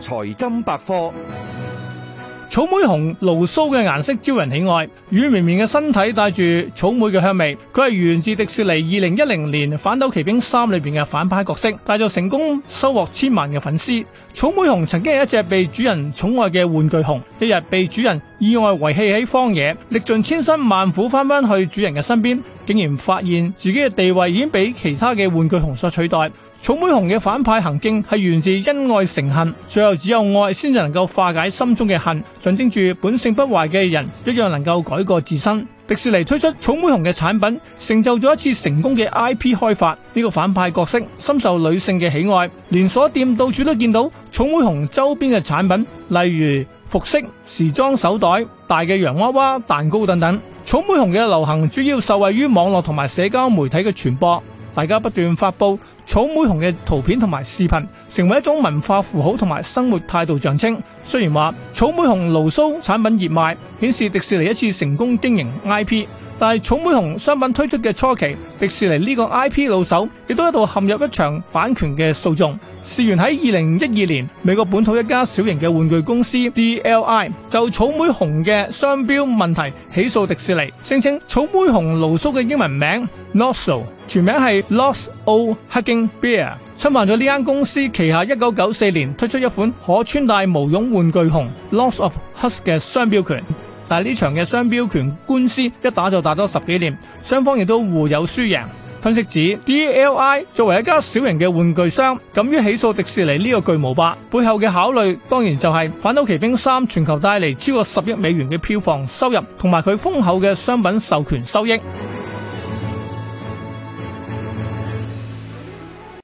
財金百科，草莓熊露蘇嘅顏色招人喜愛，軟綿綿嘅身體帶住草莓嘅香味。佢係源自迪士尼二零一零年《反斗奇兵三》裏邊嘅反派角色，但係成功收穫千萬嘅粉絲。草莓熊曾經係一隻被主人寵愛嘅玩具熊，一日被主人意外遺棄喺荒野，歷盡千辛萬苦翻返去主人嘅身邊。竟然發現自己嘅地位已經俾其他嘅玩具熊所取代。草莓熊嘅反派行徑係源自恩愛成恨，最後只有愛先至能夠化解心中嘅恨，象徵住本性不壞嘅人一樣能夠改過自新。迪士尼推出草莓熊嘅產品，成就咗一次成功嘅 IP 開發。呢個反派角色深受女性嘅喜愛，連鎖店到處都見到草莓熊周邊嘅產品，例如服飾、時裝、手袋、大嘅洋娃娃、蛋糕等等。草莓熊嘅流行主要受惠於網絡同埋社交媒體嘅傳播，大家不斷發布草莓熊嘅圖片同埋視頻，成為一種文化符號同埋生活態度象徵。雖然話草莓熊勞蘇產品熱賣，顯示迪士尼一次成功經營 IP。但係草莓熊商品推出嘅初期，迪士尼呢個 I P 老手亦都一度陷入一場版權嘅訴訟。事緣喺二零一二年，美國本土一家小型嘅玩具公司 D L I 就草莓熊嘅商標問題起訴迪士尼，聲稱草莓熊盧叔嘅英文名 Lotso，全名係 Lots-o'-Huggin' Bear，侵犯咗呢間公司旗下一九九四年推出一款可穿戴毛絨玩具熊 Lots of Hugs 嘅商標權。但係呢場嘅商標權官司一打就打咗十幾年，雙方亦都互有輸贏。分析指，DLI 作為一家小型嘅玩具商，敢於起訴迪士尼呢個巨無霸，背後嘅考慮當然就係《反斗奇兵三》全球帶嚟超過十億美元嘅票房收入同埋佢豐厚嘅商品授權收益。